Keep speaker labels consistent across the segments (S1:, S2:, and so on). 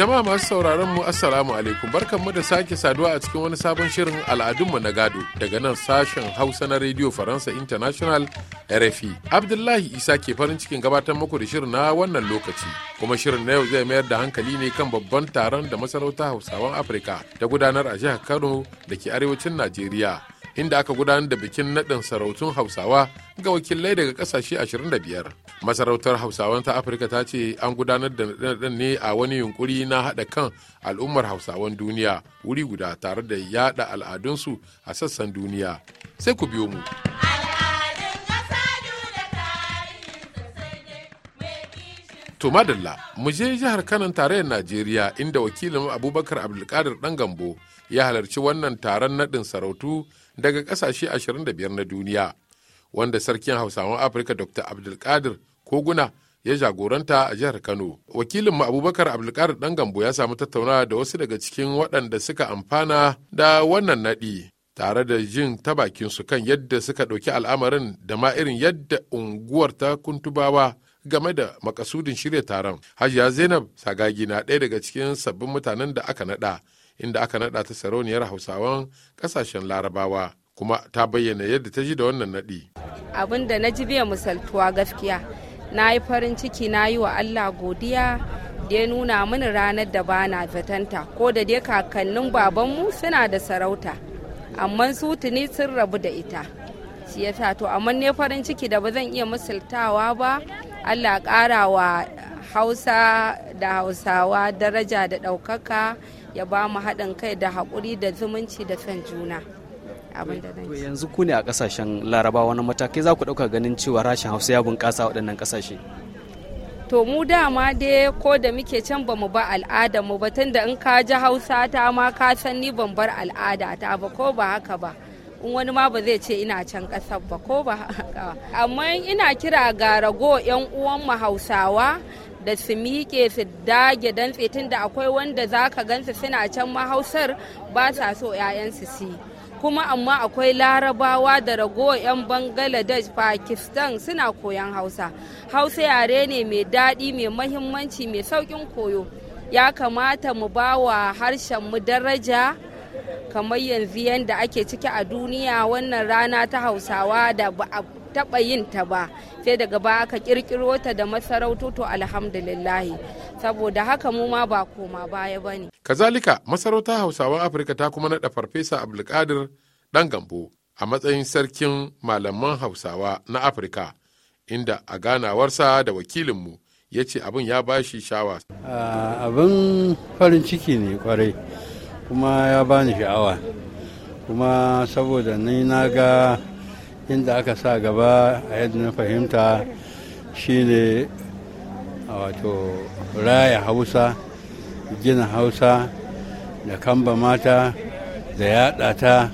S1: Jama'a masu sauraron mu Assalamu alaikum mu da sake saduwa a cikin wani sabon shirin al'adun mu na gado daga nan sashen Hausa na Radio Faransa International RFI. Abdullahi Isa ke farin cikin gabatar muku da shirin na wannan lokaci. Kuma shirin na yau zai mayar da hankali ne kan babban taron da masarauta Hausawan Afirka ta gudanar a jihar Kano da ke arewacin Najeriya. inda aka gudanar da bikin naɗin sarautun hausawa ga wakilai daga kasashe 25 masarautar hausawan ta afirka ta ce an gudanar da naɗin ne a wani yunkuri na haɗa kan al'ummar hausawan duniya wuri guda tare da yada al'adunsu a sassan duniya sai ku biyo mu. To madalla, mu je jihar Kanan tarayyar Najeriya inda wakilin Abubakar Abdulkadir dan Gambo ya halarci wannan taron naɗin sarautu daga ƙasashe 25 na duniya, wanda sarkin Hausawan Afirka Dr. Abdulkadir Koguna ya jagoranta a jihar Kano. Wakilin mu Abubakar Abdulkadir dan Gambo ya samu tattaunawa da wasu daga cikin waɗanda suka amfana da wannan naɗi. tare da jin ta bakinsu kan yadda suka ɗauki al'amarin da ma irin yadda unguwar ta kuntubawa game da makasudin shirya taron. Hajiya Zainab Sagagi na ɗaya daga cikin sabbin mutanen da aka naɗa, inda aka naɗa ta sarauniyar Hausawan ƙasashen Larabawa. kuma ta bayyana yadda ta ji da wannan naɗi.
S2: Abin da na ji bai musaltuwa gaskiya, na yi farin ciki na yi wa Allah godiya da ya nuna mini ranar da ba na fitanta, ko da dai kakannin babanmu suna da sarauta, amma su tuni sun rabu da ita. Shi ya to amma ne farin ciki da ba zan iya misaltawa ba allah ƙara wa hausa da hausawa daraja da ɗaukaka ya ba mu haɗin kai da haƙuri da zumunci da son juna
S3: yanzu ku ne a ƙasashen laraba wani matakai za ku ɗauka ganin cewa rashin hausa ya bunƙasa waɗannan ƙasashe
S2: to mu dama dai ko da muke can ba mu ba al'ada mu ba tunda in ka ji hausa ta ma ka san ni ban bar al'ada ta ba ko ba haka ba in wani ma ba zai ce ina can ƙasar ba ko ba amma ina kira ga rago 'yan uwanmu hausawa da su miƙe su dage dan tsetin da akwai wanda za ka gansu suna can mahausar ba sa so 'ya'yansu su kuma amma akwai larabawa da rago 'yan bangladesh pakistan suna koyan hausa hausa yare ne mai daɗi mai mahimmanci mai saukin koyo ya kamata mu ba wa harshen mu daraja kamar yanzu yadda ake ciki a duniya wannan rana ta hausawa da ba a taɓa yin ta ba sai daga ba aka ƙirƙiro ta da masarautu to alhamdulillahi saboda haka mu ma ba koma baya ba ne.
S1: kazalika masarautar hausawan afirka ta kuma naɗa farfesa abdulkadir ɗan gambo a matsayin sarkin malaman hausawa na afirka inda a ganawarsa da wakilinmu ya ce abin ya ba shi shawa.
S4: Ah, abin farin ciki ne kwarai kuma ya bani sha'awa kuma saboda ni na ga inda aka sa gaba a yadda na fahimta shine wato raya hausa gina hausa da kamba mata da yada ta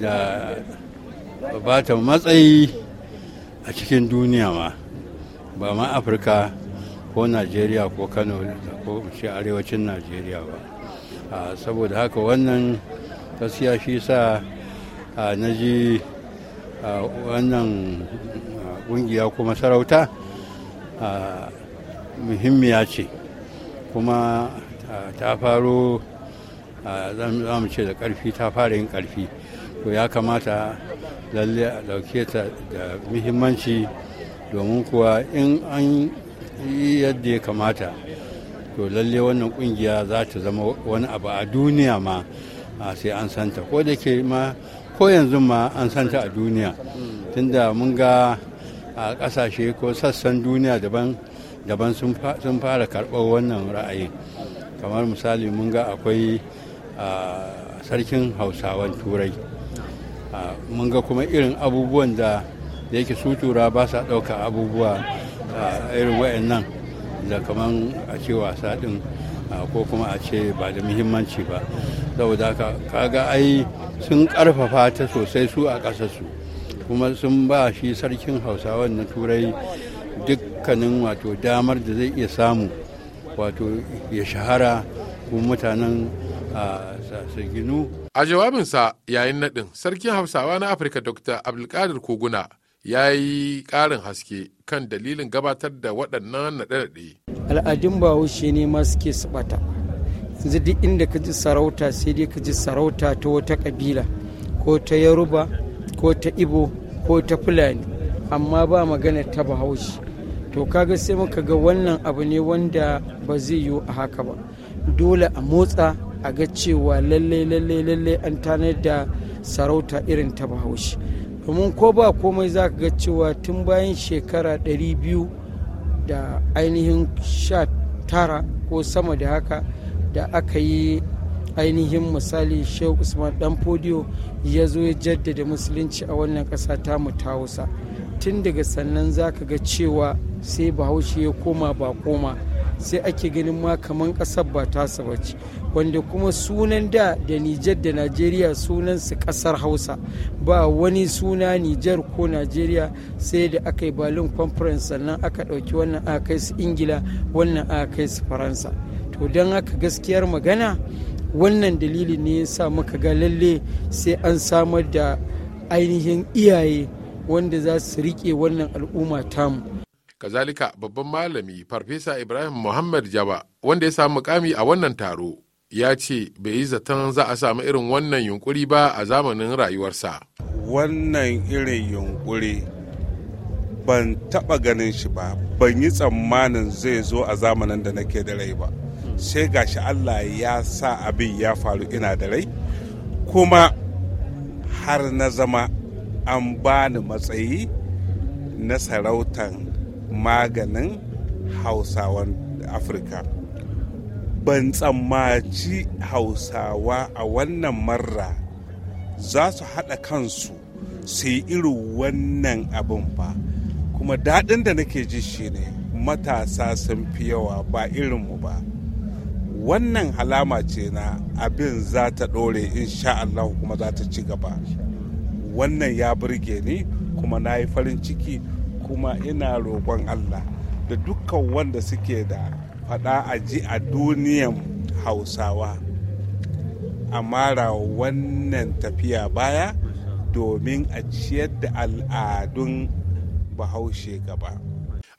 S4: da ba ta matsayi a cikin duniya ma ba ma afirka ko najeriya ko kano ko arewacin najeriya ba saboda haka wannan gaskiya shi sa na ji wannan ƙungiya kuma sarauta muhimmiya ce kuma ta faro za mu ce da ƙarfi ta fara yin karfi to ya kamata lalle a ɗauke ta da muhimmanci domin kuwa in an yi yadda ya kamata to lalle wannan kungiya za ta zama wani abu a duniya ma sai an santa ko da ke ma ko yanzu ma an santa a duniya tunda mun ga a kasashe ko sassan duniya daban daban sun fara karɓar wannan ra'ayi kamar misali mun ga akwai sarkin hausawan turai mun ga kuma irin abubuwan da yake su tura ba sa ɗauka abubuwa a irin waɗannan. nan da kamar a ce wasa din ko kuma a ce ba da muhimmanci ba saboda haka kaga ai sun karfafa ta sosai su a ƙasarsu kuma sun ba shi sarkin hausawan na turai dukkanin wato damar da zai iya samu wato ya shahara
S1: kuma mutanen a ginu a jawabinsa yayin naɗin sarkin hausawa na afirka dr abdulkadir koguna ya yi ƙarin haske kan dalilin gabatar da waɗannan naɗe-naɗe.
S3: al'adun bahaushe ne ma suke suɓata yanzu duk inda ka ji sarauta sai dai ka ji sarauta ta wata ƙabila ko ta yoruba ko ta ibo ko ta fulani amma ba magana ta bahaushe to kaga sai muka ga wannan abu ne wanda ba zai yiwu a haka ba dole a motsa a ga cewa lallai lallai lallai an tanar da sarauta irin ta bahaushe domin ko ba komai za ka ga cewa tun bayan shekara 200 da ainihin sha tara ko sama da haka da aka yi ainihin misali shehu usman dan fodiyo ya zo ya jaddada musulunci a wannan kasa ta mu ta hausa tun daga sannan za ka ga cewa sai bahaushe ya koma ba koma sai ake ganin ma kamar ƙasar ba ta ce wanda kuma sunan da da Nijar da Najeriya sunan su kasar Hausa ba wani suna Nijar ko Najeriya sai da aka yi balin conference sannan aka ɗauki wannan aka kai su Ingila wannan aka su Faransa to don haka gaskiyar magana wannan dalili ne ya sa muka ga lalle sai an samar da ainihin iyaye wanda za su riƙe wannan al'umma tamu.
S1: kazalika babban malami farfesa ibrahim muhammad jaba wanda ya samu mukami a wannan taro ya ce bai yi zaton za a samu irin wannan yunkuri ba a zamanin rayuwarsa.
S5: Wannan irin yunkuri ban taɓa ganin shi ba, ban yi tsammanin zai zo a zamanin da nake da rai ba. Sai gashi Allah ya sa abin ya faru ina da rai, kuma har na zama an bani matsayi na sarautan maganin hausawan Afirka. ban tsammaci hausawa a wannan marra za su haɗa kansu su yi irin wannan abin ba kuma daɗin da nake ji shi ne, matasa sun fi yawa ba irinmu ba wannan alama ce na abin za ta ɗore insha Allah kuma za ta ci gaba wannan ya burge ni kuma na yi farin ciki kuma ina roƙon Allah da dukkan wanda suke da faɗa a ji a duniyan hausawa a mara wannan tafiya baya domin a ciyar da al'adun bahaushe gaba.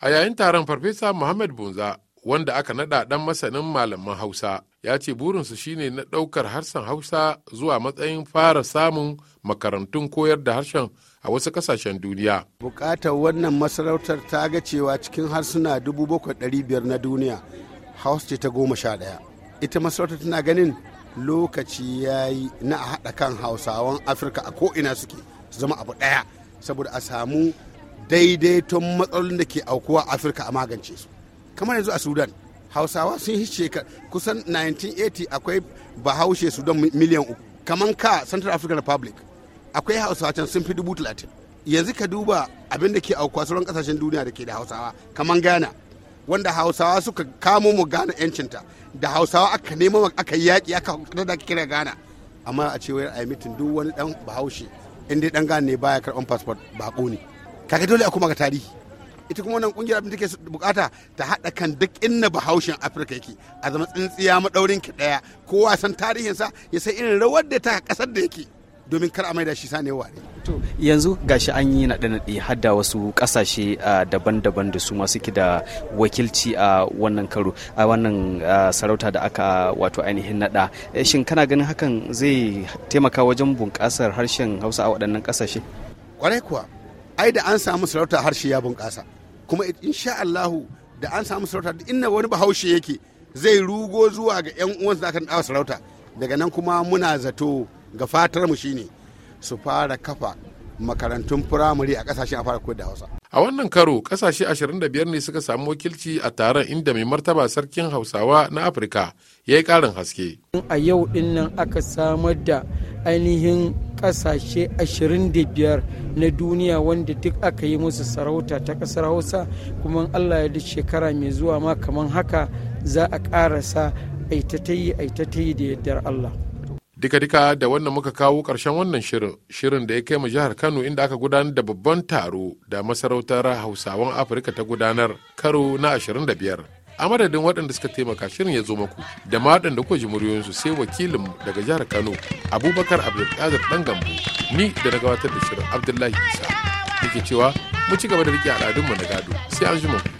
S1: A yayin taron Farfesa Muhammad Bunza wanda aka naɗa ɗan masanin malaman Hausa ya ce burinsu shine na ɗaukar harshen Hausa zuwa matsayin fara samun makarantun koyar da harshen a wasu kasashen duniya.
S6: Bukatar wannan masarautar ta ga cewa cikin harsuna 7,500 na duniya Hausa ce ta goma sha ɗaya. Ita masarautar tana ganin lokaci ya yi na a haɗa kan Hausawan Afirka a ko'ina suke zama abu ɗaya saboda a samu daidaiton matsalolin da ke aukuwa Afirka a magance su. Kamar yanzu a Sudan, Hausawa sun yi shekar kusan 1980 akwai bahaushe Sudan miliyan uku. kamar ka Central African Republic akwai hausawa can sun fi dubu talatin yanzu ka duba abin da ke aukuwa sauran kasashen duniya da ke da hausawa kamar ghana wanda hausawa suka kamo mu gana yancinta da hausawa aka nemo aka yi yaƙi aka kuma da kira gana amma a cewar a yi duk wani dan bahaushe in dai dan gana ne baya karɓan fasfot bako ne kaga dole a kuma ga tarihi ita kuma wannan kungiyar abin da bukata ta haɗa kan duk inna bahaushen afirka yake a zama tsintsiya maɗaurin ki ɗaya kowa san tarihinsa ya san irin rawar da ta kasar da yake domin kar a maida shi sane ware
S3: to yanzu gashi an yi naɗe naɗe har da wasu ƙasashe daban-daban da su masu ki da wakilci a wannan karo a wannan sarauta da aka wato ainihin naɗa eh, shin kana ganin hakan zai taimaka wajen bunƙasar harshen hausa a waɗannan ƙasashe
S6: kwarai kuwa ai da an samu sarauta harshe ya bunƙasa kuma insha Allahu da an samu sarauta duk inda wani bahaushe yake zai rugo zuwa ga 'yan uwansa da aka sarauta daga nan kuma muna zato ga fatar mu shine su fara kafa makarantun firamare a kasashen a fara koyar da hausa
S1: a wannan karo kasashe 25 ne suka samu wakilci a taron inda mai martaba sarkin hausawa na afirka ya yi karin haske
S3: a yau din aka samar da ainihin kasashe 25 na duniya wanda duk aka yi musu sarauta ta kasar hausa kuma allah ya duk shekara mai zuwa ma kamar haka za a karasa aitatayi aitatayi da yardar allah
S1: Dika-dika da wannan muka kawo ƙarshen wannan shirin, shirin da ya kai mu jihar Kano inda aka gudanar da babban taro da masarautar Hausawan Afirka ta gudanar karo na ashirin 25. A madadin waɗanda suka taimaka shirin ya zo maku da ma waɗanda kuka ji muryoyinsu sai wakilin daga jihar Kano Abubakar Abdulkadir ɗan gambo ni da na gabatar da shirin Abdullahi Isa. Muke cewa mu ci gaba da riƙe al'adunmu na gado sai
S3: an jima ku.